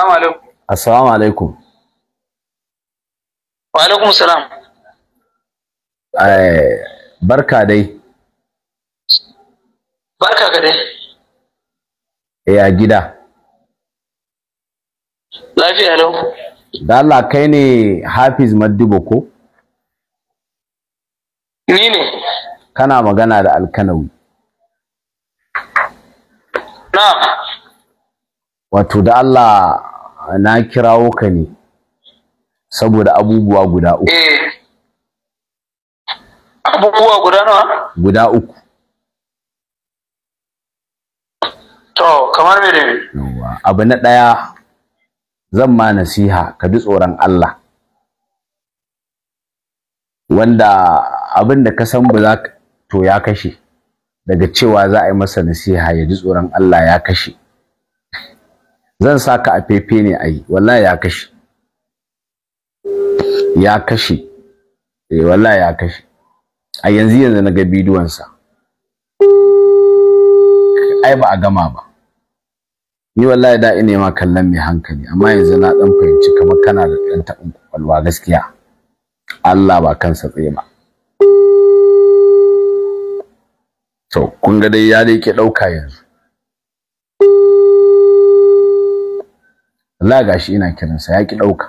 Assalamu alaikum. Assalamu alaikum. Wa alaikum salam. Eh, barka dai. Barka ka dai. Eh a gida. Lafiya lau. Da Allah kai ne Hafiz Maddibo ko? Ni ne. Kana magana da Alkanawi. Na. Wato da Allah na kirawo ka ne saboda abubuwa guda uku eh abubuwa guda nawa guda uku to kamar me yawa abu na daya zan ma nasiha ka bi tsoron Allah wanda abin da ka san ba za to ya kashe daga cewa za a yi masa nasiha ya ji tsoron Allah ya kashe zan saka a fefe ne a yi wallahi ya kashe ya kashe eh wallahi ya kashe a yanzu yanzu na ga bidiyonsa ai ba a gama ba ni wallahi da ina ma kallon mai hankali amma yanzu na dan fahimci kamar kana da dan taɓin kwakwalwa gaskiya Allah ba kansa tsaye ba to kun ga dai ya dai ke dauka yanzu Allah gashi ina kiransa ya ki ɗauka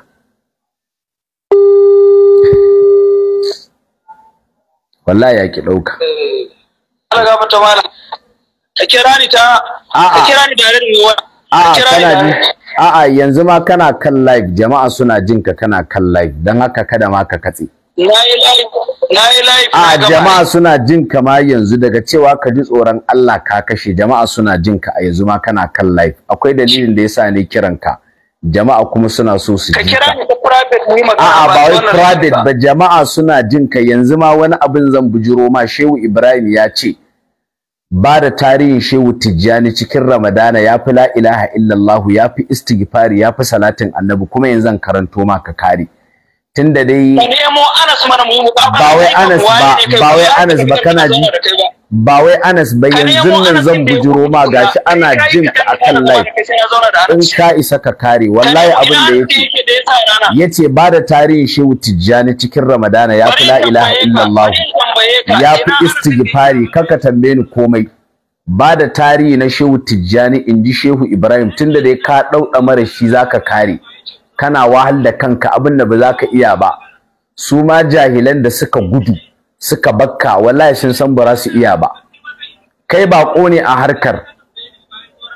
wallahi ya ki ɗauka eh, Allah ga ka kira ni ta ka kira ni da rin wa a'a kana ji a'a yanzu ma kana kan live jama'a suna jin ka kana kan live dan haka kada ma ka katse na yi live na yi live a jama'a suna jin ka ma yanzu daga cewa ka ji tsoron Allah ka kashe jama'a suna jin ka a yanzu ma kana kan live akwai dalilin da yasa ne kiran ka jama'a kuma suna so su ji ka a'a ba wai private ba jama'a suna jin ka yanzu ma wani abin zan bujuro ma Shehu Ibrahim ya ce ba da tarihin Shehu Tijjani cikin Ramadana ya fi la ilaha illallah ya fi istighfari ya fi salatin annabi kuma yanzu zan karanto ma ka kare tunda dai ba wai Anas ba ba wai Anas ba kana ji ba wai Anas ba yanzu nan zan bujiro ma gashi ana jin ka a kan laif. in ka isa ka kare wallahi abin da yake yace ba da tarihin Shehu Tijjani cikin Ramadana ya fi la ilaha illallah ya fi istighfari kaka tambaye ni komai ba da tarihi na Shehu Tijjani in ji Shehu Ibrahim tunda dai ka dauɗa mara shi zaka kare kana wahal da kanka abin da ba zaka ka iya ba su ma jahilan da suka gudu suka bakka wallahi sun san ba su iya ba kai baƙo ne a harkar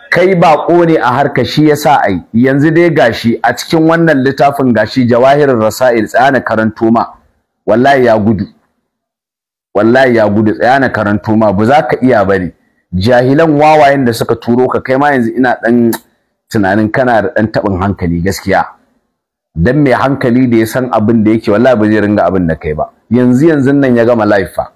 kai baƙo ne a harka shi yasa ai yanzu dai gashi a cikin wannan littafin gashi jawahirin rasail tsayana karanto ma wallahi ya gudu wallahi ya gudu tsayana karanto ma ba za ka iya bari jahilan wawayen da suka turo ka kai ma yanzu ina dan tunanin kana da dan tabin hankali gaskiya dan mai hankali da ya san abin da yake wallahi ba zai ringa abin da kai ba yanzu yanzun nan ya gama laifa.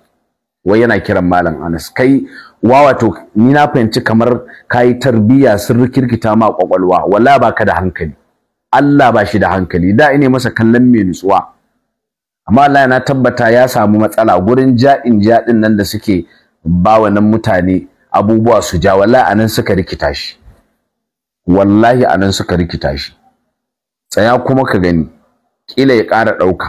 wai yana kiran malam Anas kai wa wato ni na fahimci kamar kai tarbiyya sun rikirkita ma kwakwalwa wallahi baka da hankali Allah ba shi da hankali da ine masa kallon mai nutsuwa amma Allah na tabbata ya samu matsala gurin ja'in ja'in nan da suke ba nan mutane abubuwa su ja wallahi anan suka rikita shi wallahi anan suka rikita shi tsaya kuma ka gani kila ya ƙara ɗauka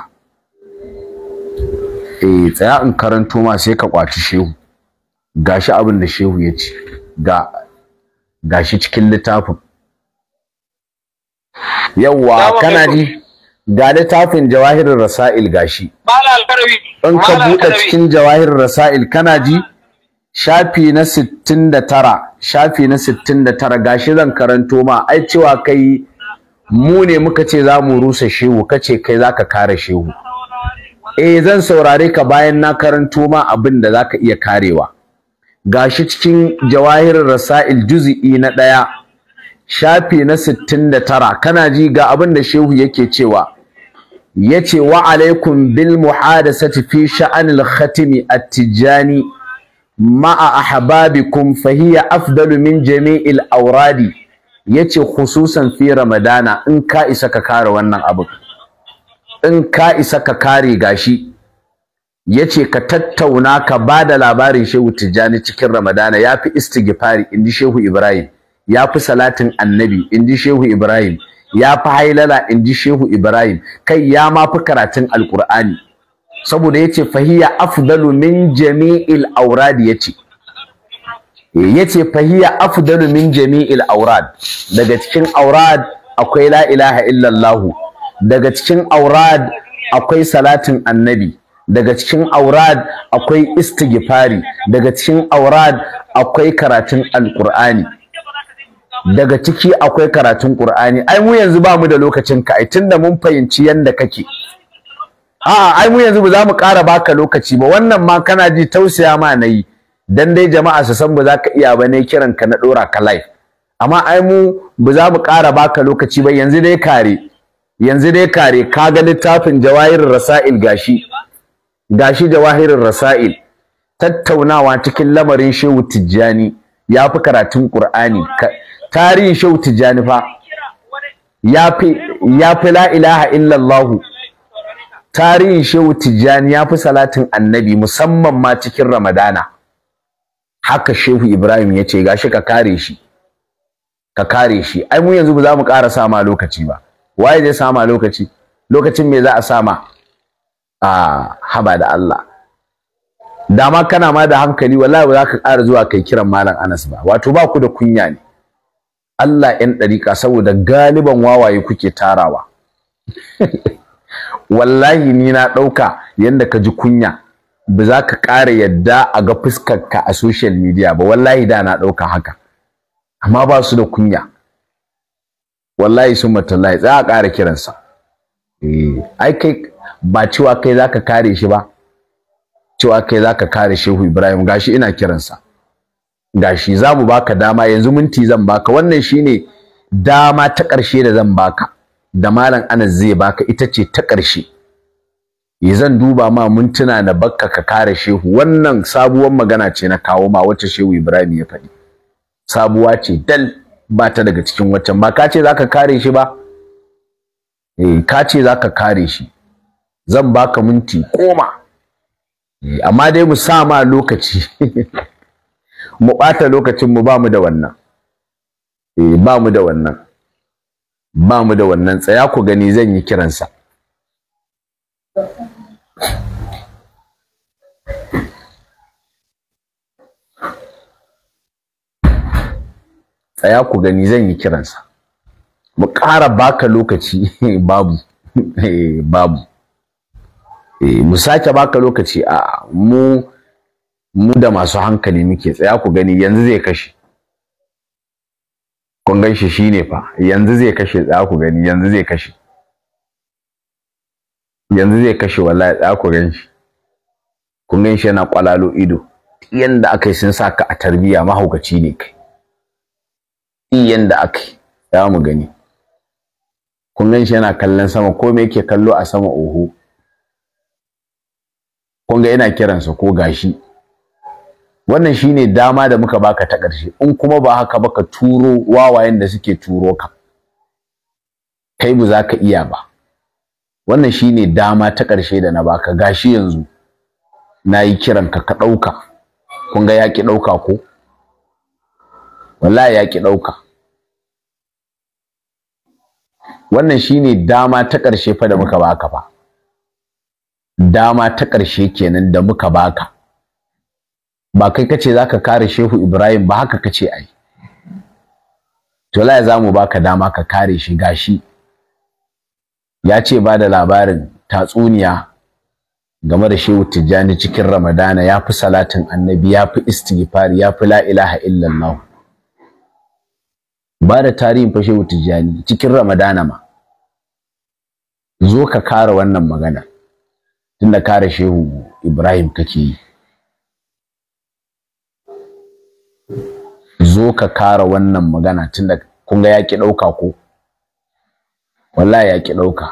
eh tsaya in karanto ma sai ka kwaci shehu gashi abin da shehu ya ce ga gashi cikin littafin yawwa kana ji ga littafin jawahirin rasa'il gashi in ka buɗe cikin jawahirin rasa'il kana ji shafi na 69 shafi na 69 gashi zan karanto ma ai cewa kai mu ne muka ce za mu rusa shehu kace kai za ka kare shehu eh zan saurare ka bayan na karanto ma abin da za ka iya karewa gashi cikin jawahirin rasail juz'i na ɗaya shafi na sittin da tara kana ji ga abin da shehu yake cewa yace wa alaikum bil muhadasati fi sha'anil khatimi at-tijani ma'a ahbabikum fahiya afdalu min jami'il auradi yace khususan fi ramadana in ka isa ka kare wannan abu in ka isa ka kare gashi yace ka tattauna ka ba da labarin Shehu Tijjani cikin Ramadana yafi istighfari inji Shehu Ibrahim yafi salatin Annabi inji Shehu Ibrahim yafi hailala inji Shehu Ibrahim kai ya ma fi karatun Alkur'ani. saboda yace fahiya afdalu min jami'il awradi yace yace fahiya afdalu min jami'il aurad daga cikin aurad akwai la ilaha illallah daga cikin aurad akwai salatin annabi daga cikin aurad akwai istighfari daga cikin aurad akwai karatun alqur'ani daga ciki akwai karatun qur'ani ai mu yanzu ba mu da lokacin ka ai tunda mun fahimci yanda kake a'a ai mu yanzu ba za mu ƙara baka lokaci ba wannan ma kana ji tausaya ma nayi dan dai jama'a su san ba za ka iya ba ne kiran ka na ɗora ka live amma ai mu ba za mu ƙara baka lokaci ba yanzu dai kare yanzu dai kare ka ga littafin jawahirin rasail gashi gashi jawahirin rasail tattaunawa cikin lamarin shehu tijjani ya fi karatun qur'ani tarihin shehu tijjani fa ya fi ya fi la ilaha illallahu tarihin shehu tijjani ya fi salatin annabi musamman ma cikin ramadana haka shehu ibrahim ya ce gashi ka kare shi ka kare shi ai mu yanzu ba za mu ƙara sama lokaci ba waye zai sama lokaci lokacin me za a sama a haba da Allah dama kana ma da hankali wallahi ba za ka ƙara zuwa kai kiran malam Anas ba wato ba ku da kunya ne Allah ɗan ɗariƙa saboda galiban wawaye kuke tarawa wallahi ni na ɗauka yanda ka ji kunya ba za ka ƙara yadda a ga fuskarka a social media ba wallahi da na ɗauka haka amma ba su da kunya wallahi sun matallahi za a ƙara kiransa eh, ai kai ba cewa kai za ka kare shi ba cewa kai za ka kare shehu ibrahim gashi ina kiransa gashi za mu baka dama yanzu minti zan baka wannan shine dama ta ƙarshe da zan baka da malam anas zai baka ita ce ta ƙarshe zan duba ma mintuna na bakka ka kare shehu wannan sabuwar magana ce na kawo ma wacce shehu Ibrahim ya faɗi sabuwa ce dal ba ta daga cikin waccan ba ka ce zaka kare shi ba eh ka ce zaka kare shi zan baka minti koma eh, amma dai mu sa ma lokaci mu ɓata lokacin mu ba mu da wannan eh ba mu da wannan ba mu da wannan tsaya ku gani zan yi kiransa tsaya ku gani zan yi kiransa mu ƙara baka lokaci babu eh, babu eh, mu sake baka lokaci a mu mu da masu hankali muke tsaya ku gani yanzu zai kashe kun gan shi shine fa yanzu zai kashe tsaya ku gani yanzu zai kashe yanzu zai kashe wallahi za gan shi kun gan shi yana kwalalo ido yanda aka yi sun sa a tarbiya mahaukaci ne kai yanda aka yi za mu gani kun gan shi yana kallon sama ko me yake kallo a sama oho kun yana kiransa ko gashi wannan shine dama da muka baka ta ƙarshe in kuma ba haka ba ka turo wawayen da suke turo ka kai ba za ka iya ba wannan shine dama ta ƙarshe da na baka gashi yanzu na yi kiran ka ka ɗauka kun ga yaƙi ɗauka ko wallahi yaƙi ɗauka wannan shine dama ta ƙarshe fa da muka baka fa dama ta ƙarshe kenan da muka baka ba kai kace zaka kare Shehu Ibrahim ba haka kace ai to la za mu baka dama ka kare shi gashi ya ce ba da labarin tatsuniya game da shehu tijjani cikin ramadana ya fi salatin annabi ya fi istighfari ya fi lailaha illallah ba da tarihin fa shehu tijjani cikin ramadana ma zo ka kare wannan magana tunda kare shehu ibrahim kake yi zo ka kare wannan magana tunda kun ga yaki ɗauka ko wallahi ya ki ɗauka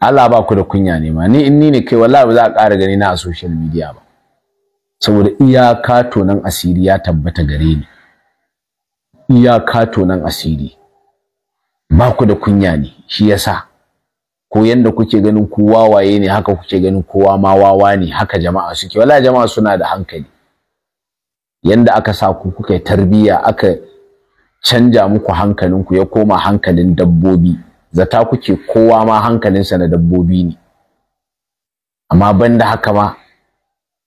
Allah ba ku da kunya ne ma ni in ni ne kai wallahi ba za a ƙara gani na a social media ba saboda iyaka nan asiri ya tabbata gare ni iyaka nan asiri ba ku da kunya ne shi yasa ko yanda kuke ganin kowa waye ne haka kuke ganin kowa ma wawa ne haka jama'a suke wallahi jama'a suna da hankali yanda aka sa ku kuka tarbiya tarbiyya aka canja muku hankalinku ya koma hankalin dabbobi zata kuke kowa ma hankalinsa na dabbobi ne amma banda haka ma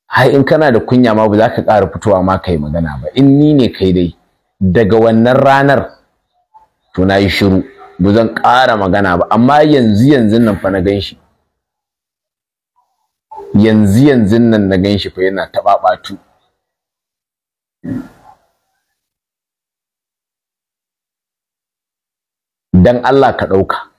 har in kana da kunya ma ba za ka ƙara fitowa ma kai magana ba in ni ne kai dai daga wannan ranar to na yi shiru ba zan ƙara magana ba amma yanzu yanzu nan fa na gan shi yanzu yanzu nan na gan shi fa yana taɓaɓatu dan Allah ka ɗauka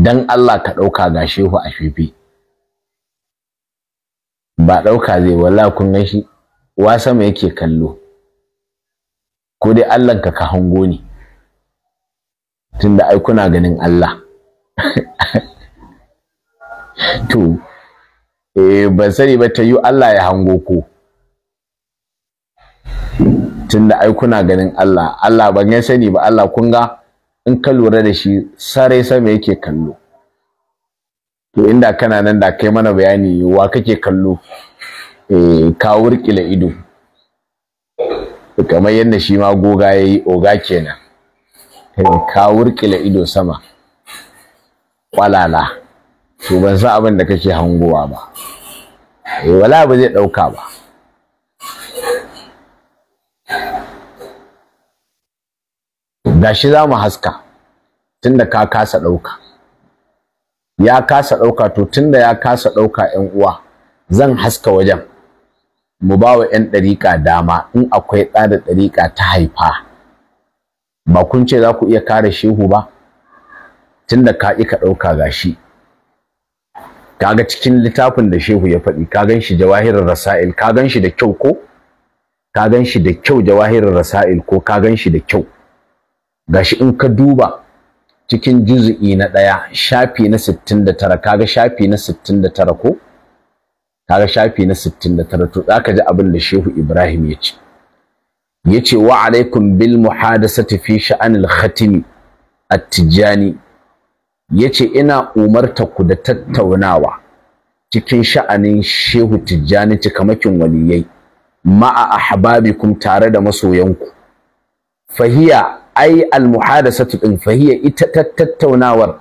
dan Allah ka ɗauka ga shehu a shefe ba ɗauka zai wala kunnen shi wa sama yake kallo ko dai Allah ka ka hango ne tunda ai kuna ganin Allah to eh ban sani ba ta yi Allah ya hango ku tunda ai kuna ganin Allah Allah ban ya sani ba Allah kun ga in ka lura da shi sare sama yake kallo to inda kana nan da kai mana bayani wa kake kallo eh ka wurkile ido kamar yadda shi ma goga yayi oga kenan eh, ka wurkile ido sama kwalala to ban san abin da kake hangowa ba eh, wala ba zai ɗauka ba gashi za mu haska tunda ka kasa ɗauka ya kasa ɗauka to tunda ya kasa ɗauka ‘yan uwa zan haska wajen mu ba wa ‘yan dariƙa dama in akwai da dariƙa ta haifa ba kun ce za ku iya kare shehu ba tunda ka ika ka ɗauka gashi kaga cikin littafin da shehu ya faɗi ka gan shi jawahirar rasail ka gan shi da kyau ko ka gan shi da kyau jawahirar rasail ko ka gan shi da kyau gashi in ka duba cikin juzu'i na ɗaya shafi na 69 kaga shafi na 69 ko kaga shafi na 69 to zaka ji abin da shehu ibrahim ya ce yace wa alaikum bil muhadasati fi sha'anil khatimi at-tijani yace ina umarta ku da tattaunawa cikin sha'anin Shehu Tijjani cikamakin waliyai ma'a ahbabikum tare da masoyanku fahiya ai almuhadasatu ɗin fahiya ita tattaunawar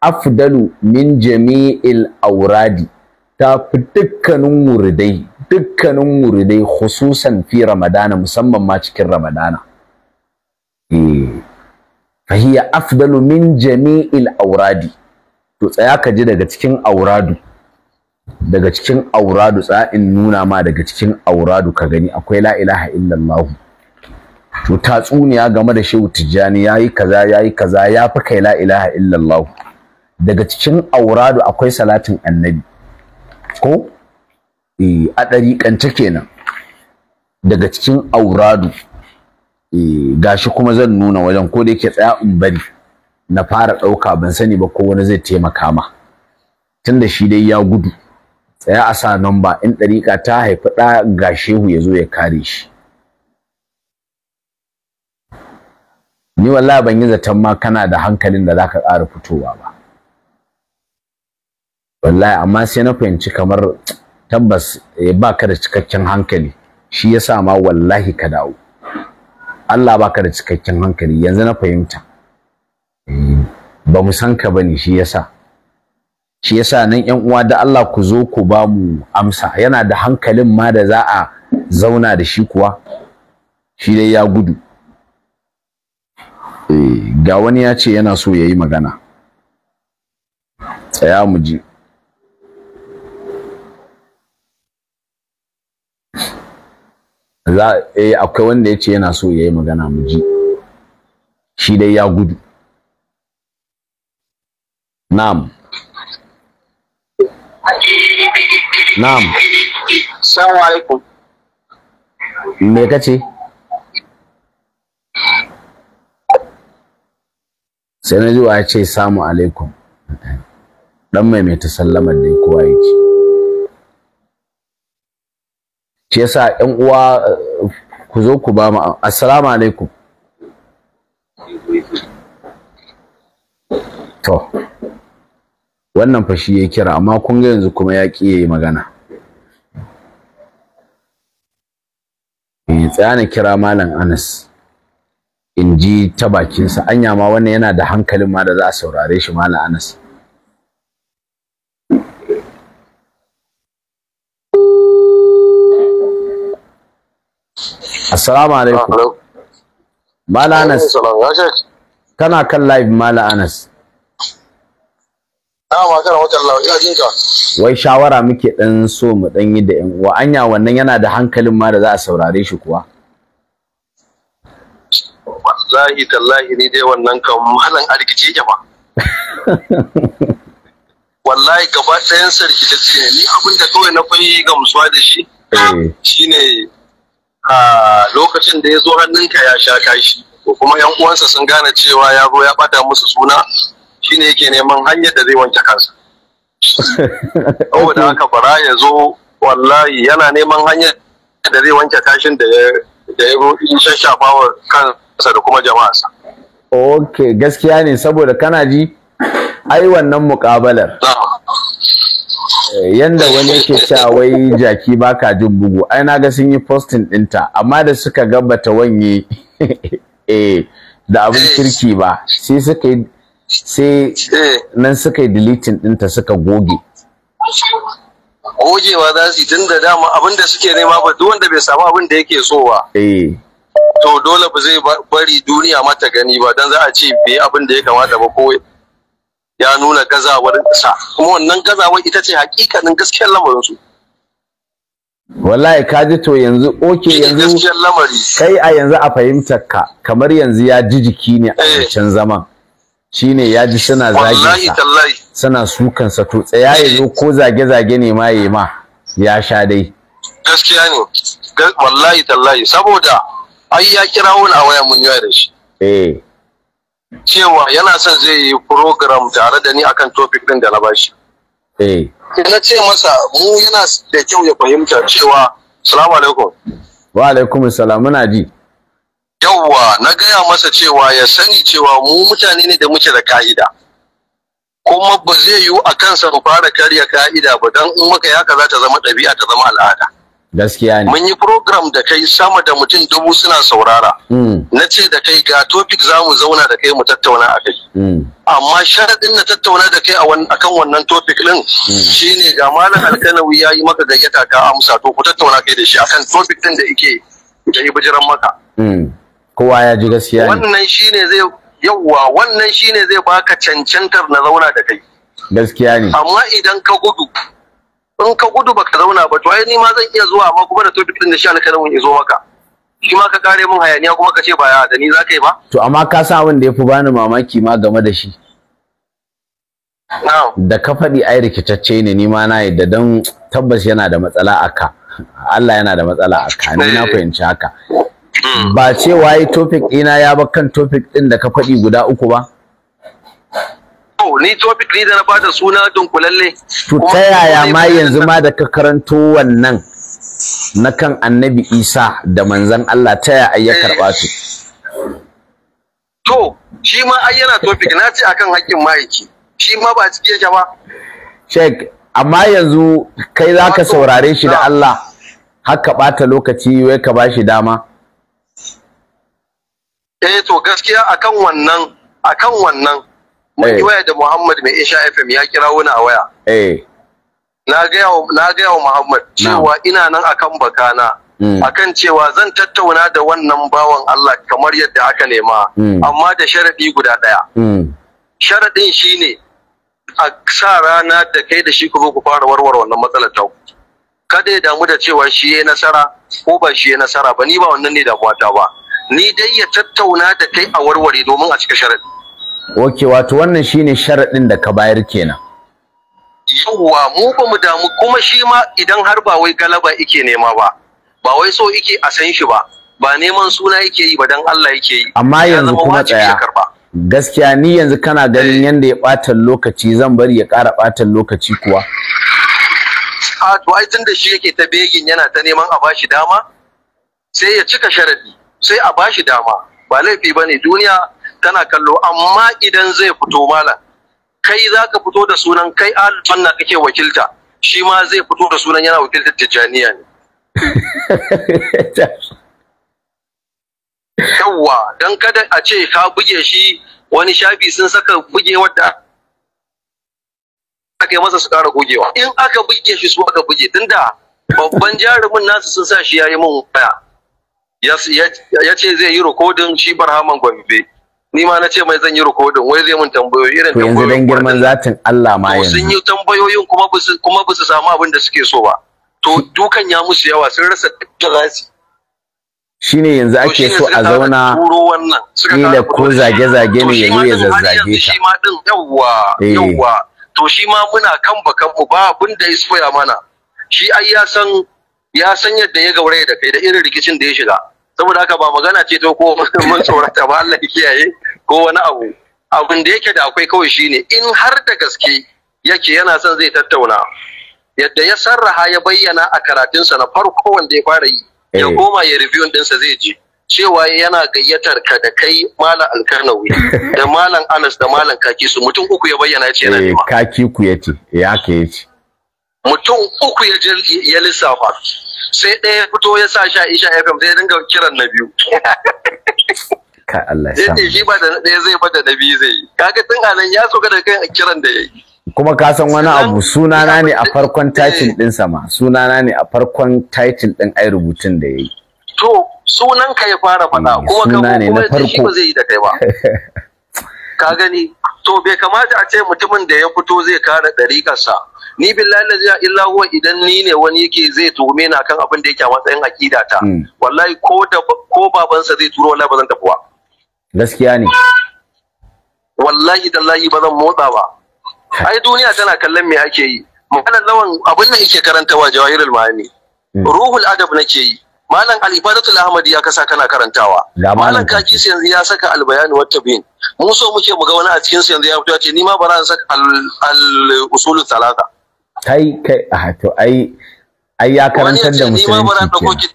afdalu min jami'il auradi ta fi dukkanin muridai dukkanin muridai khususan fi ramadana musamman ma cikin ramadana eh fahiya afdalu min jami'il auradi to tsaya ka ji daga cikin auradu daga cikin auradu tsaya in nuna ma daga cikin auradu ka gani akwai la ilaha illallah to tatsuniya game da shehu tijjani yayi kaza yayi kaza ya fi kai la ilaha illallah daga cikin auradu akwai salatin annabi ko eh a dariƙance kenan daga cikin auradu eh gashi kuma zan nuna wajen ko da yake tsaya in bari na fara ɗauka ban sani ba ko wani zai taimaka ma tunda shi dai ya gudu tsaya a sa namba in ɗariƙa ta haifi ɗa ga shehu ya zo ya kare shi ni wallahi ban yi zaton ma kana da hankalin da zaka ƙara fitowa ba wallahi amma sai na fahimci kamar tabbas eh, ba ka da cikakken hankali shi yasa ma wallahi ka dawo Allah baka da cikakken hankali yanzu na fahimta eh, ba mu san ka bane shi yasa shi yasa nan ƴan uwa da Allah ku zo ku ba mu amsa yana da hankalin ma da za a zauna da shi kuwa shi dai ya gudu eh, ga wani ya ce yana so ya yi magana tsaya mu ji za eh akwai wanda ya ce yana so ya yi magana mu ji shi dai ya gudu na'am na'am assalamu alaikum me kace sai na ji wa ya ce samu alaikum dan mai mai ta sallamar dai kowa yake shi yasa ƴan uwa ku zo ku ba mu assalamu alaikum to wannan fa shi ya kira amma kun ga yanzu kuma ya ƙi yi magana ya eh, tsaya kira malam Anas in ji ta bakinsa anya ma wannan yana da hankalin ma da za a saurare shi malam Anas Assalamu alaikum. Mala Anas. Kana kan live Mala Anas. Wai shawara muke dan so mu dan yi da ƴan uwa. Anya wannan yana da hankalin ma da za a saurare shi kuwa. Wallahi tallahi ni dai wannan kan malan arkice ke ba. Wallahi gaba ɗayan sarki ta ce ni abin da kawai na fahimta gamsuwa da shi. Eh. Shine a lokacin da ya zo hannunka ya sha kashi ko kuma yan uwansa sun gane cewa ya zo ya bata musu suna shine yake neman hanyar da zai wanke kansa saboda haka fara ya zo wallahi yana neman hanyar da zai wanke kashin da ya shashafa wa kansa da kuma jama'arsa ok gaskiya ne saboda kana ji ai wannan muƙabalar Eh, yanda wani yake cewa wai jaki baka jin bugu ai na ga sun yi posting ɗinta amma da suka gabata wanye eh da abin eh. kirki ba sai suka sai eh. nan suka yi deleting ɗinta suka goge gogewa za su yi tun da dama abin da suke nema ba duk wanda bai samu abin da yake so ba to dole ba zai bari duniya mata gani ba don za a ce bai abin da ya kamata ba ko ya nuna gazawarin ƙasa kuma wannan gazawar ita ce hakikanin gaskiyar lamarin su wallahi ka ji to yanzu oke yanzu kai a yanzu a fahimtar ka kamar yanzu ya ji jiki ne a eh. wancan zaman Shi ne ya ji suna zage sa suna sukan sa to tsaya ya zo ko zage zage ne ma yayi ma ya sha dai gaskiya ne wallahi tallahi saboda ai ya kirawo a waya mun yi da shi eh cewa yana son zai yi program tare da ni akan topic din da na bashi. Eh. Na ce masa mu yana da kyau ya fahimta cewa salamu alaikum. Wa alaikum salam muna ji. Yawwa na gaya masa cewa ya sani cewa mu mutane ne da muke da ka'ida. Kuma ba zai yiwu a kansa mu fara karya ka'ida ba don in muka yi haka za ta zama ɗabi'a ta zama al'ada. gaskiya ne mun yi program da kai sama da mutum dubu suna saurara hmm. na ce da kai ga topic za mu zauna da kai mu tattauna a kai hmm. amma sharaɗin na tattauna da kai a kan wannan topic ɗin hmm. shine ga malam alkanawi ya yi maka gayyata ka amsa to ku tattauna kai da shi akan topic ɗin da ike da yi bijiran maka kowa ya ji gaskiya wannan shine zai yawwa wannan shine zai baka cancantar na zauna da kai gaskiya ne amma idan ka gudu in ka gudu baka zauna ba to ai ni ma zan iya zuwa amma kuma da to din da shi alƙalin mun izo maka shi ma ka kare mun hayaniya kuma ka ce ba da ni za ka yi ba to amma ka sa abin da ya fi bani mamaki ma game da shi da ka faɗi ai rikitacce ne ni ma na yadda don tabbas yana da matsala a ka Allah yana da matsala a ka ni na eh. fahimci haka hmm. ba cewa waye topic ɗina ya ba kan topic ɗin da ka faɗi guda uku ba to ni topic ni da na bada suna don kulalle. to ta yaya ma yanzu ma da ka karanto wannan na kan annabi isa da manzan Allah ta yaya ya eh. karɓa su to shi ma ai yana topic na ce akan haƙƙin mahaifi shi ma ba cikin yake ba shek amma yanzu kai za ka saurare shi da Allah haka ɓata lokaci wai ka ba shi dama eh to gaskiya akan wannan akan wannan mun yi eh. waya da Muhammad mai Isha FM ya kira wani a waya eh. na gaya wa Muhammad cewa ina nan akan bakana hmm. akan cewa zan tattauna da wannan bawan Allah kamar yadda aka nema hmm. amma da sharadi guda daya hmm. sharadin shine a sa rana da kai da shi ku ku fara warware wannan matsalar ta kada ya damu da cewa shi ya nasara ko ba shi ya nasara ba ni ba wannan ne damuwa ta ba ni dai ya tattauna da kai a warware domin a cika sharadi Oke wato wannan shine sharaɗin da ka bayar kenan. Yawwa mu ba mu damu kuma shi ma idan har ba wai galaba ike nema ba, ba wai so ike a san shi ba, ba neman suna yake yi ba dan Allah yake yi. Amma yanzu kuma tsaya. Gaskiya ni yanzu kana ganin eh. yanda ya ɓata lokaci zan bari ya ƙara ɓatan lokaci kuwa. A to ai shi yake ta begin yana ta neman a bashi dama sai ya cika sharaɗi, sai a bashi dama ba laifi bane duniya kana kallo amma idan zai fito malam kai za ka fito da sunan kai ahlul sunna kake wakilta shi ma zai fito da sunan yana wakiltar tijjaniya ne yawwa don kada a ce ka buge shi wani shafi sun saka buge wadda aka yi masa su ƙara gogewa in aka buge shi su aka buge tunda babban jarumin nasu sun sa shi ya yi mun waya ya ce zai yi rikodin shi barhaman gwambe ni ma na ce mai zan yi rikodin wai zai mun tambayoyi irin tambayoyi yanzu dan girman zatin Allah ma yanzu sun yi tambayoyin kuma ba su kuma ba su samu abin da suke so ba to dukan ya musu yawa sun rasa dalasi shine yanzu ake so a zauna ni da ko zage-zage ne ya ya zazzage ta shi ma din yawwa eh. yawwa to shi ma muna kan bakan mu ba abin da ya soya mana shi ai ya san ya san yadda ya gauraya da kai da irin rikicin da ya shiga saboda haka ba magana ce ta ko mun tsorata ba Allah kiyaye ko wani abu abin da yake da akwai kawai shine in har da gaske yake yana son zai tattauna yadda ya sarraha ya bayyana a karatunsa na farko wanda ya fara yi ya eh. koma ya review dinsa zai ji cewa yana gayyatar ka da kai malam alkarnawi da malam anas da malam kaki su mutum uku ya bayyana ya ce yana eh, kaki ku ya ya ka ya mutum uku ya lissafa sai ɗaya fito ya sa sha isha fm sai dinga kiran na biyu ka Allah ya sa shi ba da ɗaya zai ba da na biyu zai yi kaga tun anan ya soka da kan kiran da yayi kuma ka san wani abu sunana ne a farkon titin din sama sunana ne a farkon titin din ai rubutun da yayi to sunan ka ya fara faɗa mm, kuma ka kuma shi ba zai yi da kai ba ka gani to bai kamata a ce mutumin da ya fito zai kare ɗarikarsa ni billahi la ilaha illa huwa idan ni ne wani yake zai tuhume na kan abin da yake a matsayin akida ta hmm. wallahi ko da ko babansa zai turo wallahi ba zan tafi gaskiya ne wallahi tallahi ba zan motsa ba ai duniya tana kallon me ake yi malam lawan abin da yake karantawa jawahirul ma'ani hmm. ruhul adab nake yi malam al-ibadatul ahmadi ya kasa kana karantawa malam kaji yanzu ya saka al-bayan wa tabin mu so muke mu ga wani a cikin su yanzu ya fito ya ce ni ma bara saka al-usulul talata kai kai a to ai ai ya karantar da musulunci kenan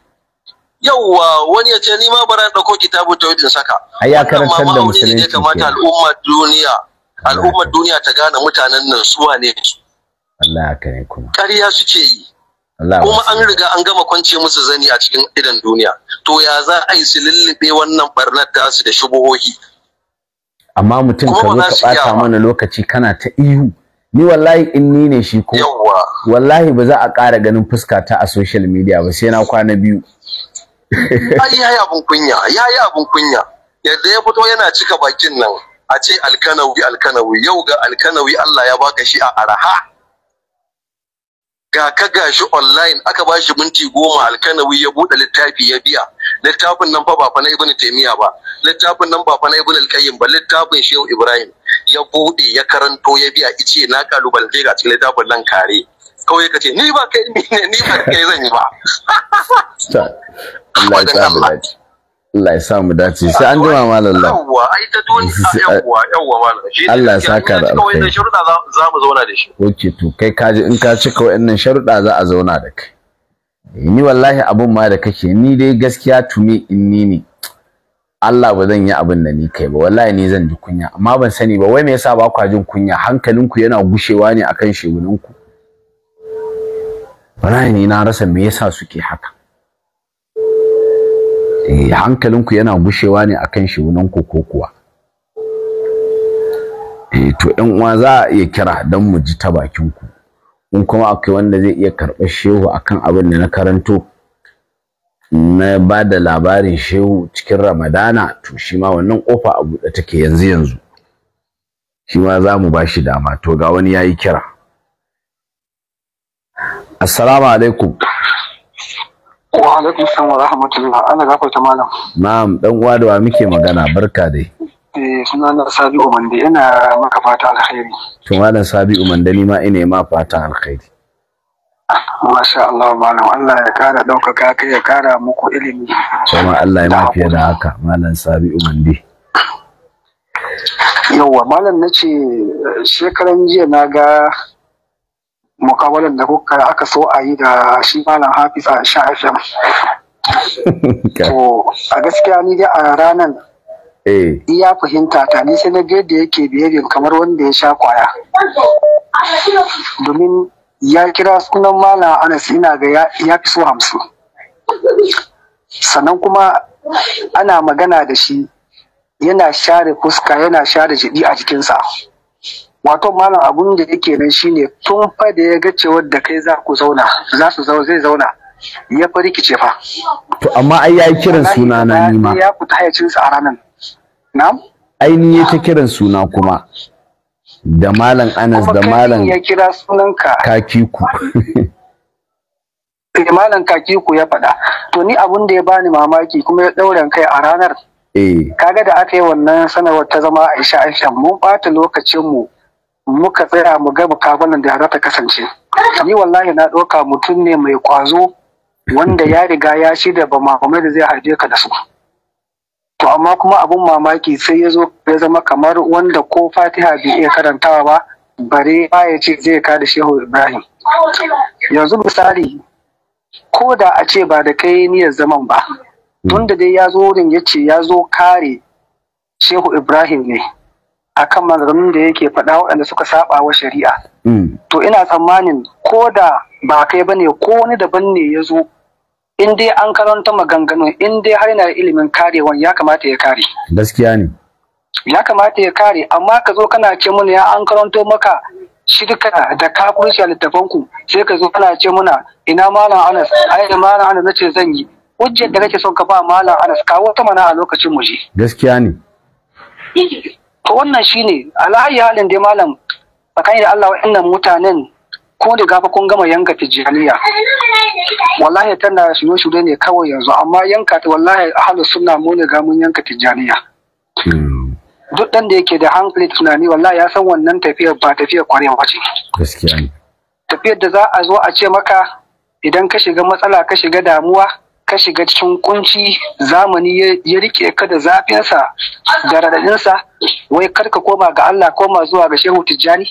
yauwa wani ya ce ni ma bara dauko kitabu tauhidin saka ai ya karantar da musulunci ke kamata al'ummar duniya al'umma duniya ta gane mutanen nan su wane su Allah ya kare kuma ƙarya suke yi kuma an riga an gama kwance musu zani a cikin idan duniya to ya za a yi su lullube wannan barnar su da shubuhohi amma mutum ka zo ka bata mana lokaci kana ta ihu ni wallahi in ni ne shi ko wallahi ba za a ƙara ganin fuska ta a social media ba sai na kwana biyu Ya yi abun kunya ya yi abun kunya yadda ya fito yana cika bakin nan a ce alkanawi alkanawi yau ga alkanawi Allah ya baka shi a araha ga ka gashi online aka ba shi minti goma alkanawi ya buɗe littafi ya biya littafin nan fa ba fa na ibnu taymiya ba littafin nan ba fa na ibnu al ba littafin shehu ibrahim ya buɗe ya karanto ya biya ice na kalubalance ga cikin littafin nan kare kawai ka ce ni ba kai ni ba kai zan yi ba Allah ya Allah ya sa mu dace sai an jima malam Allah yawwa ai ta yawwa yawwa Allah ya saka da kai wannan sharuda za mu zauna da shi okay to kai kaji in ka cika wannan sharuɗa za a zauna da kai ni wallahi abun ma da kake ni dai gaskiya me in ni ne Allah ba zan yi abin da ni kai ba wallahi ni zan ji kunya amma ban sani ba wai me yasa ba kwa jin kunya hankalinku yana gushewa ne akan shegunanku wallahi ni na rasa me yasa suke haka eh hankalinku yana gushewa ne akan shunanku ko kuwa eh to ɗan uwa za a iya kira don mu ji ta bakin ku. in kuma akwai wanda zai iya karɓar shehu akan abin da na karanto na ba da labarin shehu cikin ramadana to shi ma wannan kofa a buɗe take yanzu yanzu shi ma za mu ba shi dama to ga wani ya yi kira assalamu alaikum Wa alaikum salam wa rahmatullah. Allah gafarta malam. Na'am, dan uwa da wa muke magana barka dai. Eh suna na Sabi'u Mande ina maka fatan alkhairi. To malam Sabi'u Mande ni ma ina ma fatan alkhairi. Masha Allah malam Allah ya kara ɗaukaka kai ya kara muku ilimi. Kuma Allah ya mafiya da haka malam Sabi'u Mande. Yawwa malam nace eh, shekaran jiya na ga mukawalar da kuka aka so a yi da shi malam hafiz a sha fm to a gaskiya ni dai a ranar eh. iya fahimta ta ni sai na ga yadda yake biyarin kamar wanda ya sha kwaya domin ya kira sunan malam anas ina ga ya fi so hamsin sannan kuma ana magana da shi yana share fuska yana share jiɗi a jikinsa wato malam abun da yake nan shine tun fa da ya ga cewa da kai za ku zauna za su zauna zai zauna ya fa rikice fa to amma ai yayi kiran suna na nima ya ku hayacin sa a ranan na'am ai ni ya ta kiran suna kuma da malam Anas da malam ya kira sunanka kakiku eh malam kakiku ya faɗa to ni abun da ya bani mamaki kuma ya daure kai a ranar eh. kaga da aka yi wannan sanarwar ta zama aisha aisha mun ɓata lokacin mu muka tsaya mu ga mukabalan da za ta kasance ni wallahi na ɗauka mutum ne mai ƙwazo wanda ya riga ya shirya ba makamai da zai harbe ka da su to amma kuma abun mamaki sai ya zo ya zama kamar wanda ko fatiha bai iya karantawa ba bare ba ya ce zai kada shehu ibrahim yanzu misali ko da a ce ba da kai niyyar zaman ba tunda dai ya zo wurin ya ce ya zo kare shehu ibrahim ne akan manzannin da yake faɗa waɗanda suka saba wa shari'a mm. to ina tsammanin ko da ba kai ba ne ko wani daban ne ya zo in dai an karanta maganganun in dai har yana ilimin karewan ya kamata ya kare gaskiya ne ya kamata ya kare amma ka zo kana ce mana ya an karanto maka shirka da kafirci a ku, sai ka zo kana ce muna ina malam anas ai malam anas nace zan yi hujjar da nake son ka ba malam anas kawo ta mana a lokacin mu je gaskiya ne to wannan shine ala'ayi halin dai malam tsakani da Allah wa'annan mutanen ko da gafa kun gama yanka tijjaniya wallahi tana shirye shirye ne kawai yanzu amma yanka ta wallahi ahlu sunna mu ne ga mun yanka tijjaniya hmm. duk dan da yake da hankali tunani wallahi ya san wannan tafiyar ba tafiyar kwarewa ce tafiyar da za a zo a ce maka idan ka shiga matsala ka shiga damuwa ka shiga cikin kunci zamani ya rike ka da zafinsa da raɗaɗinsa wai kar ka koma ga Allah koma zuwa ga shehu tijjani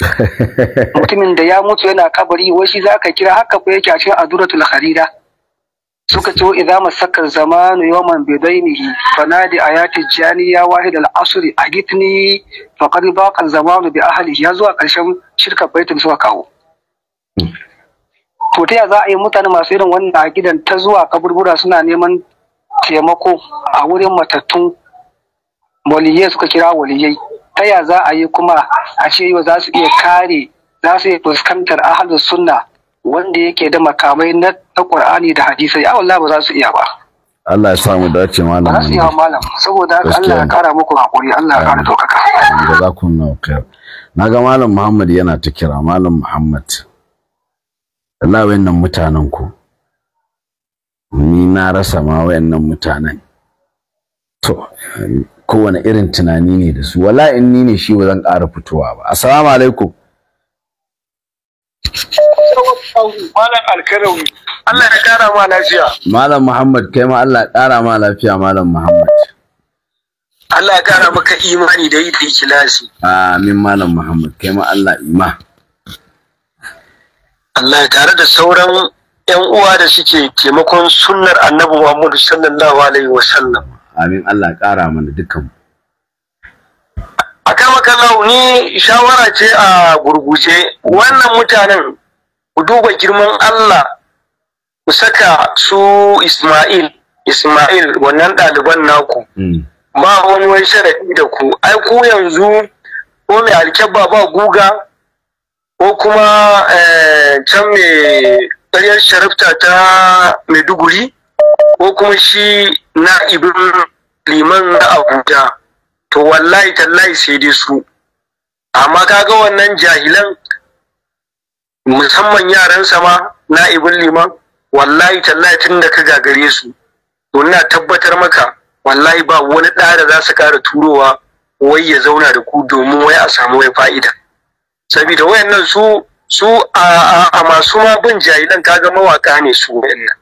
mutumin da ya mutu yana kabari wai shi zaka kira haka ko yake a cikin aduratul harira suka ce idza masaka zamanu yawman bidainihi fanadi ayati jani ya wahid al asri agitni faqad baqa zamanu bi ahlihi ya zuwa karshen shirka baitin suka kawo hmm. to ta za a yi mutane masu irin wannan gidan ta zuwa kaburbura suna neman taimako a wurin matattun waliyai suka kira waliyai ta ya za a yi kuma a ce za su iya kare za su iya fuskantar ahalus sunna wanda yake da makamai na Qur'ani da hadisai a wallahi ba za su iya ba Allah ya samu dace malam ba su iya malam saboda Allah ya kara muku hakuri Allah ya kara daukaka jazakumullahu khair naga malam Muhammad yana ta kira malam Muhammad Allah wayannan mutanen ku ni na rasa ma wayannan mutanen to kowane irin tunani ne da su wala in ni ne shi ba zan ƙara fitowa ba assalamu alaikum malam alkarawi Allah ya ƙara ma lafiya malam muhammad kai ma Allah ya ƙara ma lafiya malam muhammad Allah ya ƙara maka imani da yi da ikhlasi amin malam muhammad kai ma Allah ima Allah tare da sauran yan uwa da suke taimakon sunnar annabi Muhammadu sallallahu alaihi wa sallam amin Allah ƙara mana dukkan akan ni shawara ce a gurguje wannan mutanen ku duba girman Allah ku saka su Ismail Ismail wannan ɗaliban naku mm. ba wani wani sharaɗi da ku ai ku yanzu ko mai alkyabba ba guga ko kuma eh, can mai ƙaryar sharafta ta maiduguri ko kuma shi na ibin liman na abuja to wallahi tallahi sai dai su amma kaga wannan jahilan musamman yaran sama ibin liman wallahi tallahi tun da ka gagare su to ina tabbatar maka wallahi ba wani ɗa da za su ƙara turowa wai ya zauna da ku domin wai a samu wai fa'ida saboda wayannan su su a masu ma bin jahilan kaga mawaka ne su wayannan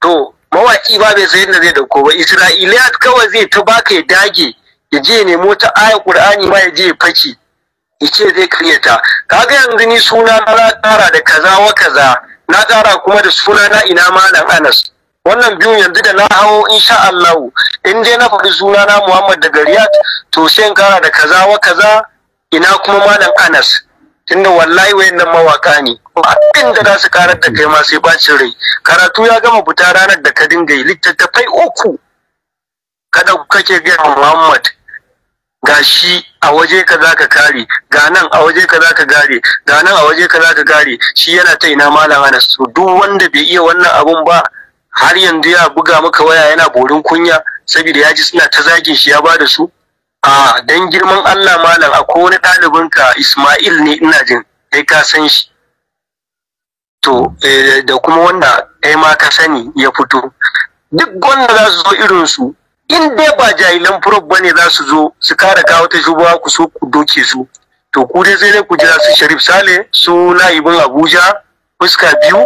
to mawaki ba bai sai da zai dauko ba isra'iliyat kawai zai ta baka ya dage ya je ya nemo ta aya qur'ani ma ya je ya faki ya ce zai karyata kaga yanzu ni suna na tsara da kaza wa kaza na tsara kuma da suna na ina malam anas wannan biyun yanzu da na hawo insha Allah in dai na faɗi suna na Muhammad da Gariyat, to sai in kara da kaza wa kaza ina kuma malam Anas tunda wallahi wayannan mawaka ne abin da za su karar da kai ma sai bacin rai karatu ya gama fita ranar da ka dinga yi littattafai uku kada kake gaya Muhammad ga shi a waje ka za ka kare ga nan a waje ka za ka gare ga nan a waje ka za ka gare shi yana ta ina malam na su. duk wanda bai iya wannan abun ba har yanzu ya buga maka waya yana borin kunya saboda ya ji suna ta zagin shi ya ba da su a dan girman Allah malam akwai wani ɗalibin ka Ismail ne ina jin kai ka san shi to eh, da kuma wanda kai ma ka sani ya fito duk wanda za su zo irin su in dai ba jahilan furob ba ne za su zo su kara kawo ta shubuwa ku so ku doke su to ku dai sai dai ku jira su Sharif Sale su Na'ibin Abuja fuska biyu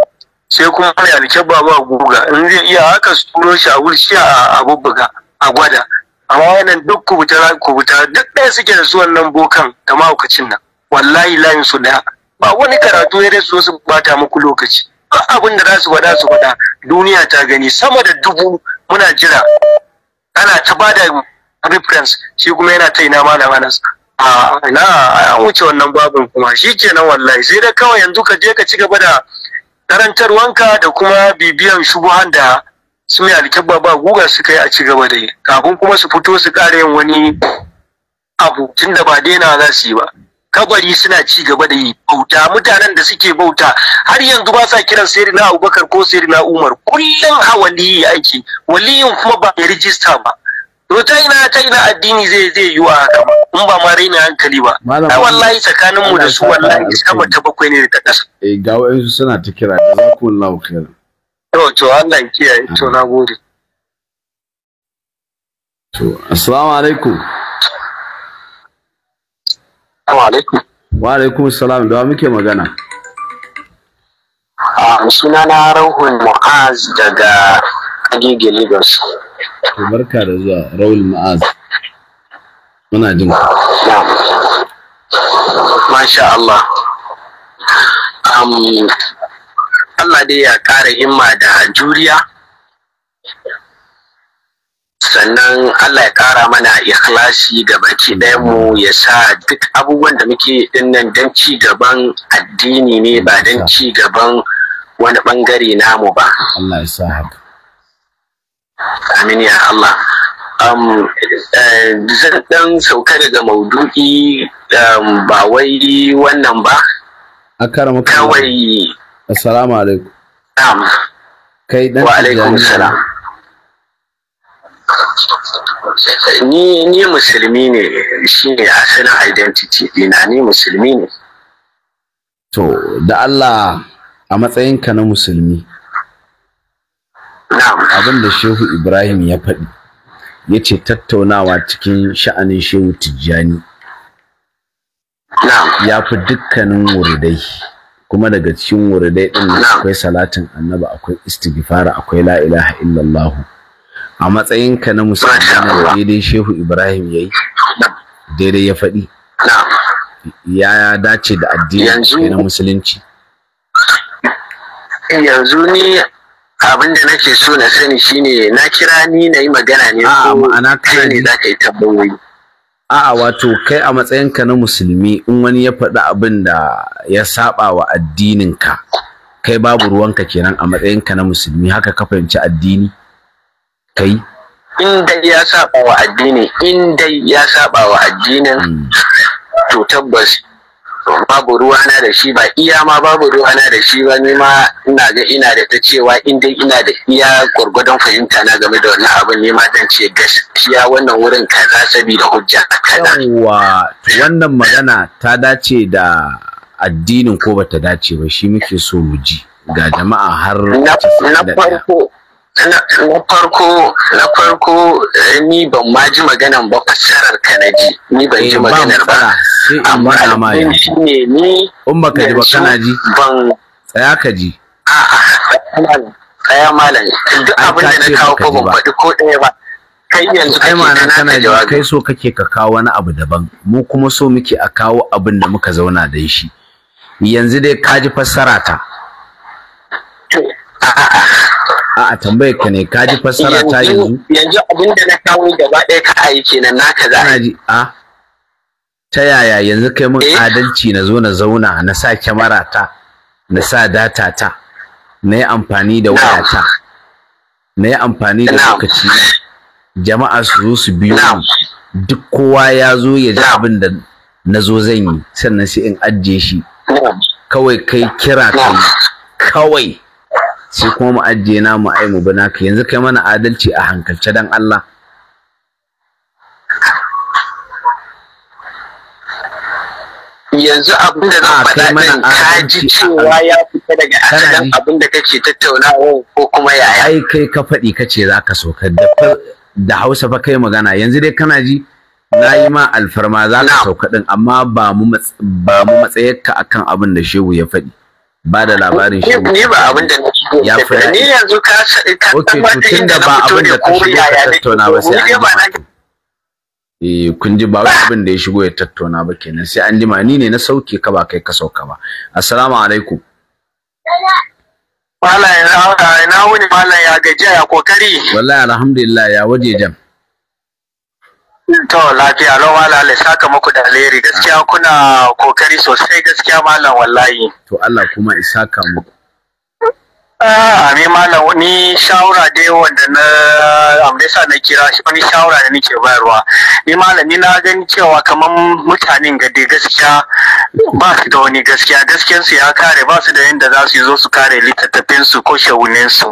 sai kuma mai alkyabba ba guga in zai iya haka su turo shi a wurshi a bubbuga a gwada amma wannan duk kubuta kubuta duk ɗaya suke da su wannan bokan ta mahaukacin nan wallahi layin su ɗaya ba wani karatu ya su su bata muku lokaci ba abin da za su faɗa su faɗa duniya ta gani sama da dubu muna jira ana ta ba da reference shi kuma yana ta ina malam anas a ina an wuce wannan babin kuma shi kenan wallahi sai dai kawai yanzu ka je ka ci gaba da karantarwanka da kuma bibiyan shubuhan da su mai alkyabba ba guga suka yi a ci gaba da yi kafin kuma su fito su ƙara yin wani abu da ba daina za su yi ba kabari suna ci gaba da yi bauta mutanen da suke bauta har yanzu ba sa kiran na abubakar ko na umar kullum hawali aiki waliyin kuma ba ya rijista ba to ta ina ta ina addini zai zai yi wa haka in ba ma raina hankali ba ai wallahi tsakanin mu da su wallahi sama ta bakwai ne da ta kasa eh ga wa'ansu suna ta kira jazakumullahu khairan Yau to Allah kiyaye to na gode. To assalamu alaikum. Assalamu alaikum. Wa alaikum assalam da muke magana. A ah, suna na Rahul Mu'az daga Agege Lagos. Barka da zuwa Mu'az. Muna jin ka. Masha Allah. Allah dai ya ƙara himma da juriya sannan Allah ya ƙara mana ikhlasi ga baki mu ya sa duk abubuwan da muke dinnan don ci gaban addini ne ba don ci gaban wani ɓangare namu ba. Allah ya sa haka. Amin ya Allah. um, zan ɗan sauka daga maudu'i ba wai wannan ba kawai Assalamu alaikum. Na'am. Kai dan Wa alaikum salam. Ni ni musulmi ne shine asalin identity dina ni musulmi ne. To da Allah a matsayinka na musulmi. Na'am. Abin da Shehu Ibrahim ya faɗi yace tattaunawa cikin sha'anin Shehu Tijjani. Na'am. Ya fi dukkanin wuridai. kuma daga cikin wuridai din akwai salatin annabi akwai istighfar akwai la ilaha illallah a matsayinka na musulmi ne dai shehu ibrahim yayi daidai ya faɗi ya dace da addini na musulunci yanzu ni abin da nake so na sani shine na kira ni na magana ne ko kai ne za ka yi tambayoyi a'a wato kai a matsayinka na musulmi in wani ya faɗi abin da ya saba wa addininka kai babu ruwanka kenan a matsayinka na musulmi haka ka fahimci addini kai in dai ya saba wa addini in dai ya saba wa addinin hmm. to tabbas babu ruwa na da shi ba iya ma babu ruwa na da shi ba ni ma ina ga ina da ta cewa in dai ina da iya gwargwadon fahimta na game da wani abin ni ma zan ce gaskiya wannan wurin kaza saboda hujja kaza yawa wannan magana ta dace da addinin ko bata dace ba shi muke so mu ga jama'a har na farko na farko na farko eh, ni ban ma ji maganan ba fassarar kanaji ni ban ji eh, maganar ba amma alfin shi ne ni in baka ji ba kana ji ban tsaya ka ji tsaya malam duk abin da na kawo ko ban faɗi ko ɗaya ba kai yanzu kai ma nan kana ji kai so kake ka kawo wani abu daban mu kuma so muke a kawo abin da muka zauna da shi yanzu dai ka ji fassara ta a'a tambayar ka ne ka ji fassara ta yanzu yanzu abin da na kawo gaba ɗaya ka ayi kenan naka za a a ta yaya yanzu kai mun eh? adalci na zo na zauna na sa kyamara ta na sa data ta na yi amfani da waya ta na yi amfani da lokaci jama'a su zo su biyo duk kowa ya zo ya ji abin da na zo zan yi sannan sai in ajiye shi kawai kai kira kai kawai sai kuma mu ajiye namu ai mu bi naka yanzu kai mana adalci a hankalce dan Allah yanzu abin da zan faɗa din kaji cewa ya fita daga asalin abin da kake tattaunawa ko kuma yaya ai kai ka faɗi kace zaka so ka da Hausa fa kai magana yanzu dai kana ji na yi ma alfarma za ka sauka ɗin amma ba mu matsayarka akan abin da shehu ya faɗi ba da labarin shi ne ba abin da ya fara daɗi ni yanzu ka ka okay to ba abin da ka shigo ka tattauna ba sai an eh kun ji ba abin da ya shigo ya tattauna ba kenan sai an jima ni ne na sauke ka ba kai ka sauka ba assalamu alaikum Malam ya wuni malam ya gajiya ya kokari. Wallahi alhamdulillah ya waje jam. To lafiya lau wala le saka muku da alheri gaskiya kuna kokari sosai gaskiya malam wallahi. To Allah kuma isaka muku. Ah, ni malam ni shawara dai wanda na amdai sa na kira shi wani shawara da nake bayarwa ni malam ni na gani cewa kamar mutanen gade gaskiya ba su da wani gaskiya gaskiyar su ya kare ba su da yadda za su zo su kare littattafin su ko shawunin su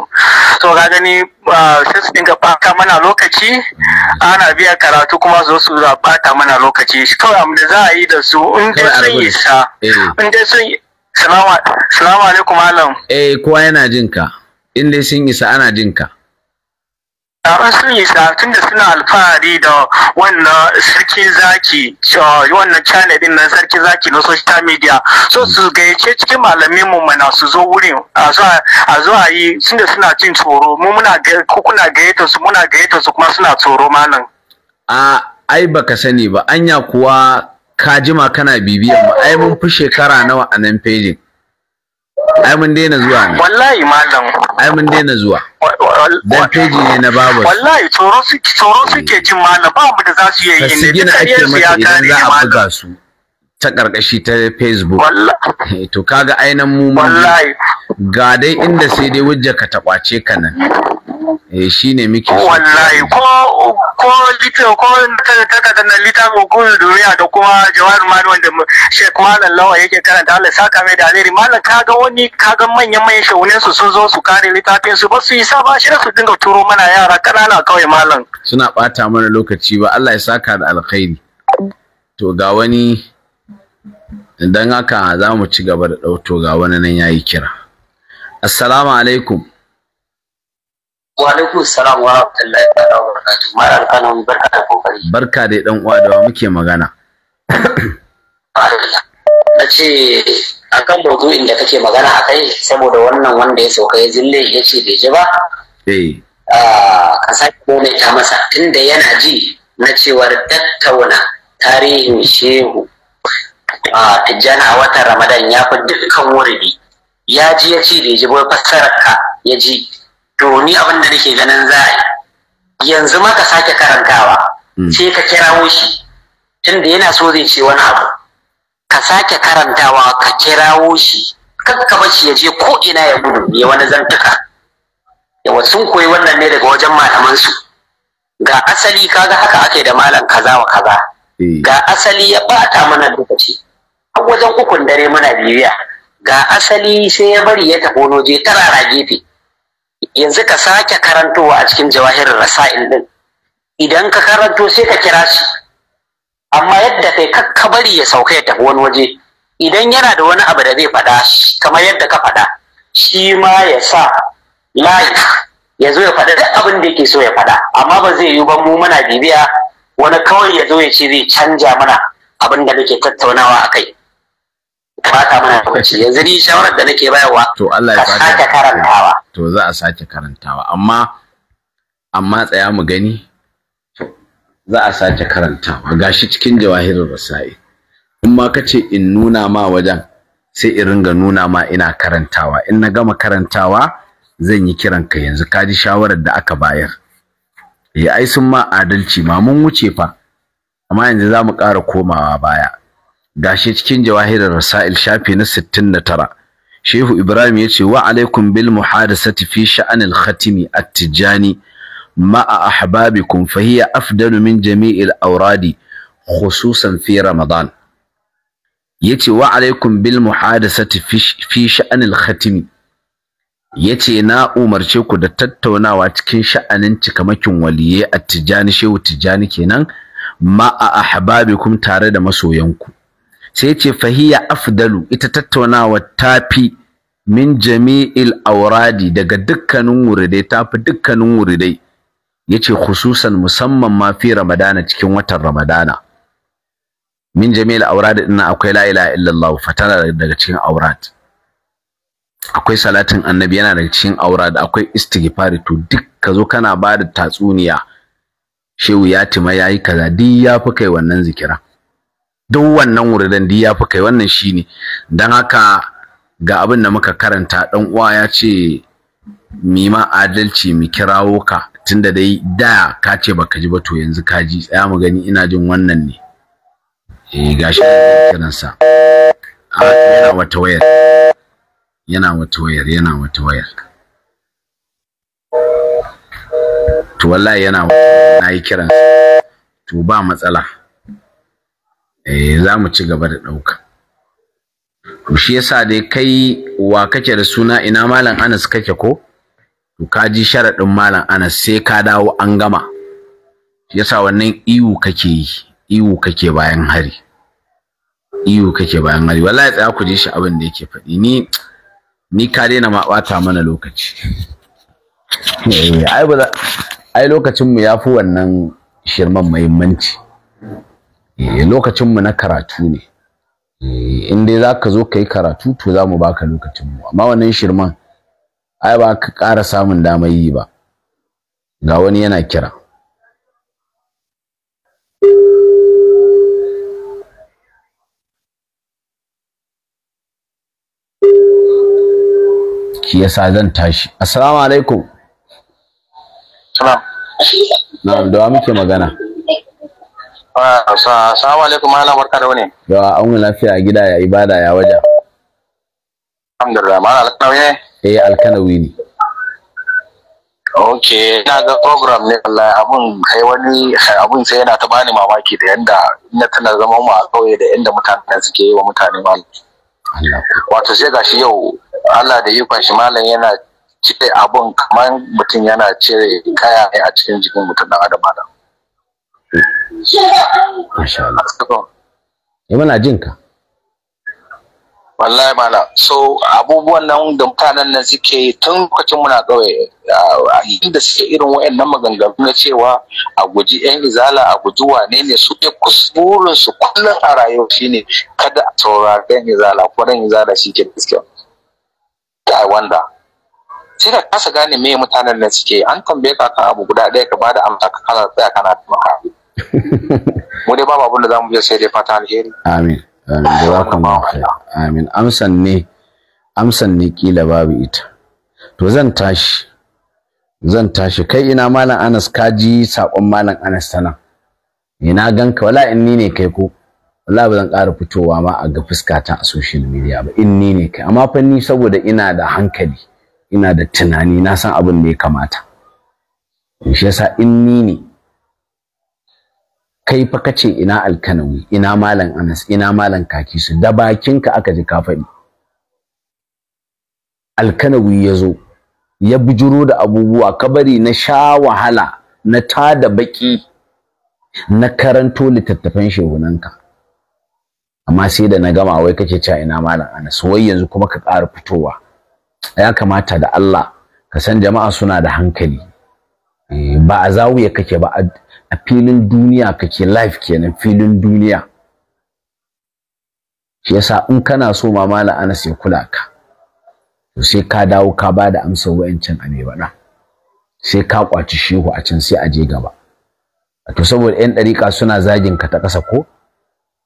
to ga gani sai su dinga baka mana lokaci ana biya karatu kuma zo su bata mana lokaci kawai amma za a yi da su in dai sun yi eh. in dai sun Salamu alaikum malam. Eh kowa yana jin ka. In dai sun isa ana jin ka. Taron sun isa da suna alfahari da wannan sarki zaki wannan channel din na sarki zaki na social media so su gayyace cikin malamin mu mana su zo wurin a zo a yi da suna jin tsoro mu muna kuna gayyata su muna gayyata su kuma suna tsoro malam. A ai baka sani ba anya kuwa Kajima kana bibiyan mu ai mun fi shekara nawa a nan pejin. ai mun daina zuwa ne wallahi mallam ai mun daina zuwa dan peji ne na babu wallahi tsoro suke tsoro suke jin malam babu da za su yi ne da kariyar su ya kare malam ta karkashi ta facebook eh, to kaga ainihin mu ga dai inda sai dai wujja ka ta kwace ka nan eh shine muke wallahi ko ko lito ko ta ta da littafin gudun duniya da kuma jawar mani wanda shek malan lawa yake karanta Allah saka mai da alheri malan kaga wani kaga manyan manyan shaunen su sun zo su kare littafin su ba su yi saba shi su dinga turo mana yara kanana kawai malan suna bata mana lokaci ba Allah ya saka da alkhairi to ga wani Idan haka za mu ci gaba da ɗauto ga wani nan ya yi kira assalamu alaikum wa alaikum salam wa rahmatullahi wa barakatuh mara alƙalamin barka da kokari barka dai dan uwa da muke magana na ce a kan bautu inda kake magana a kai saboda wannan wanda ya sauka ya zille ya ce bai ji ba eh. ka sake ta masa tunda yana ji na cewar tattauna tarihin shehu tijjana a watan ramadan ya fi dukkan wuri ya ji ya ce bai ji bai fassarar ka ya ji to ni abin da nake ganin za a yanzu ma ka sake karantawa hmm. sai ka kirawo shi tunda yana so zai ce wani abu ka sake karantawa ka kirawo shi kakka bashi ya je ko ina ya gudu ya wani zantuka yawa sun koyi wannan ne daga wajen malamansu ga asali kaga haka ake da malam kaza wa kaza eh. ga asali ya bata mana lokaci har wajen ukun dare muna bibiya ga asali sai ya bari ya tafi noje tarara gefe yanzu ka sake karantowa a cikin jawahirin rasa'il din idan ka karanto sai ka kira shi amma yadda kai ka bari ya sauka ya tafi wani waje idan yana da wani abu da zai faɗa kamar yadda ka faɗa shi ma ya sa like ya zo ya faɗa duk abin da yake so ya faɗa amma ba zai yi ba mu muna bibiya wani kawai ya zo ya ce zai canja mana abin da muke tattaunawa a kai bata mana lokaci yanzu ni shawarar da nake bayarwa to Allah ya sake karantawa to za a sake karantawa amma amma tsaya mu gani za a sake karantawa gashi cikin jawahirin rasa'i in ma kace in nuna ma wajen sai in ringa nuna ma ina karantawa in na gama karantawa zan yi kiran ka yanzu ka ji shawarar da aka bayar Ya eh, ai sun ma adalci ma mun wuce fa amma yanzu za mu ƙara komawa baya gashi cikin jawahirar rasail shafi na 69 shehu ibrahim yace wa alaikum bil muhadasati fi sha'anil khatimi at-tijani ma'a ahbabikum fa hiya afdalu min jami'il awradi khususan fi ramadan yace wa alaikum bil muhadasati fi sha'anil khatimi yace na umarce ku da tattaunawa cikin sha'anin cikamakin waliye at-tijani shehu tijani kenan ma'a ahbabikum tare da masoyanku sai ya ce fahiya afdalu ita tattaunawa tafi min jami'il auradi daga dukkanin wuridai tafi dukkanin wuridai yace khususan musamman ma fi ramadana cikin watan ramadana min jami'il auradi din akwai la ilaha illallah fatana daga cikin aurat akwai salatin annabi yana daga cikin aurat akwai istighfari to duk ka zo kana bada tatsuniya shehu ya tima yayi kaza duk ya fi kai wannan zikira duk wannan wuridan ya fi kai wannan shine dan haka ga abin da muka karanta dan uwa ya ce mima ma adalci mi kirawo ka tunda dai da ka ce baka ji ba to yanzu ka ji tsaya mu gani ina jin wannan ne eh gashi kiransa a ah, yana wata wayar yana wata wayar yana wata wayar to wallahi yana na yi kiransa to ba matsala eh za mu ci gaba da ɗauka to shi yasa dai kai wa kake da suna ina malam anas kake ko to ka ji sharaɗin malam anas sai ka dawo an gama shi yasa wannan iwu kake yi iwu kake bayan hari iwu kake bayan hari wallahi tsaya ku ji shi abin da yake faɗi ni ni ka daina ma ɓata mana lokaci eh, ai ba ai lokacin mu yafi wannan shirman muhimmanci Eh, lokacin mu na karatu ne eh, in dai zaka zo ka yi karatu to za mu baka lokacin mu amma wannan shirman ai ba ka ƙara samun damar yi ba ga wani yana kira ki yasa zan tashi assalamu alaikum na da muke magana Ah, assalamu alaikum malam barka da wani. Yawa an lafiya gida ya ibada ya wajen. Alhamdulillah malam alkanawi ne? Eh alkanawi ne. Ok, ina ga program ne Allah abun kai wani abun sai yana ta bani mamaki da yanda ina tana zama mu a kauye da yanda mutanen suke yi wa mutane malam. Wato sai gashi yau Allah da ikon shi malam yana cire abun kamar mutum yana cire kaya ne a cikin jikin mutum dan adam adam. Masha Allah. Eh, muna jin ka. Wallahi mala. So abubuwan nan da mutanen nan suke tun lokacin muna kawai. a da suke irin wayannan maganganu na cewa a guji yan izala a guji wane ne su ne kusurin su kullum a rayuwa shine kada a saurari yan izala ko yan izala shi ke gaskiya. Da wanda. sai ka kasa gane me mutanen nan suke an tambaye ka kan abu guda ɗaya ka bada amsa ka kana tsaya kana taimaka mu dai babu abin da zamu je sai dai fata alheri amin amin amin amsan ne amsan ne kila babu ita to zan tashi zan tashi kai ina malam Anas kaji sakon malam Anas sana. ina ganka wala in ni ne kai ko wala ba zan ƙara fitowa ma a ga fuskata a social media ba in ni ne kai amma fa ni saboda ina da hankali ina da tunani na san abin da ya kamata shi yasa in ni ne kai fa kace ina alkanawi ina malam anas ina malam kaki su da bakinka aka ji ka faɗi alkanawi ya zo ya bijiro da abubuwa ka bari na sha wahala na tada baki na karanto littattafan shehunanka amma sai da na gama wai kake cewa ina malam anas wai yanzu kuma ka ƙara fitowa ya kamata da Allah ka san jama'a suna da hankali eh, ba a zawuya kake ba a filin duniya kake life kenan filin duniya shi yasa in kana so mama mala anas ya kula ka to sai ka dawo ka bada amsa amsar wa'ancan a mai baɗa sai ka kwaci shehu a can sai a je gaba to saboda yan dariƙa suna zagin ka ta ƙasa ko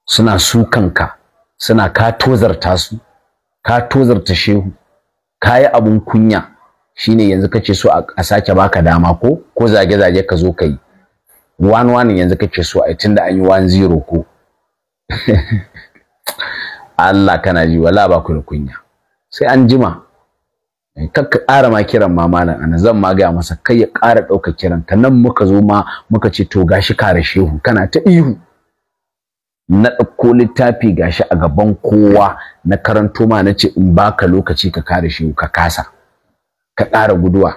suna sukan ka suna ka tozarta su ka tozarta shehu ka yi abun kunya shine yanzu kace so a sake baka dama ko ko zage-zage ka zo ka yi one one yanzu kake so ai tunda an yi one zero ko Allah kana ji wala ba ku kunya sai an jima kakka ƙara ma kiran ma malam zan ma gaya masa kai ya ƙara ɗaukar kiran ka nan muka zo ma muka ce to gashi kare shehu kana ta ihu na ɗauko littafi gashi a gaban kowa na karanto ma na ce in baka lokaci ka kare shehu ka kasa ka ƙara guduwa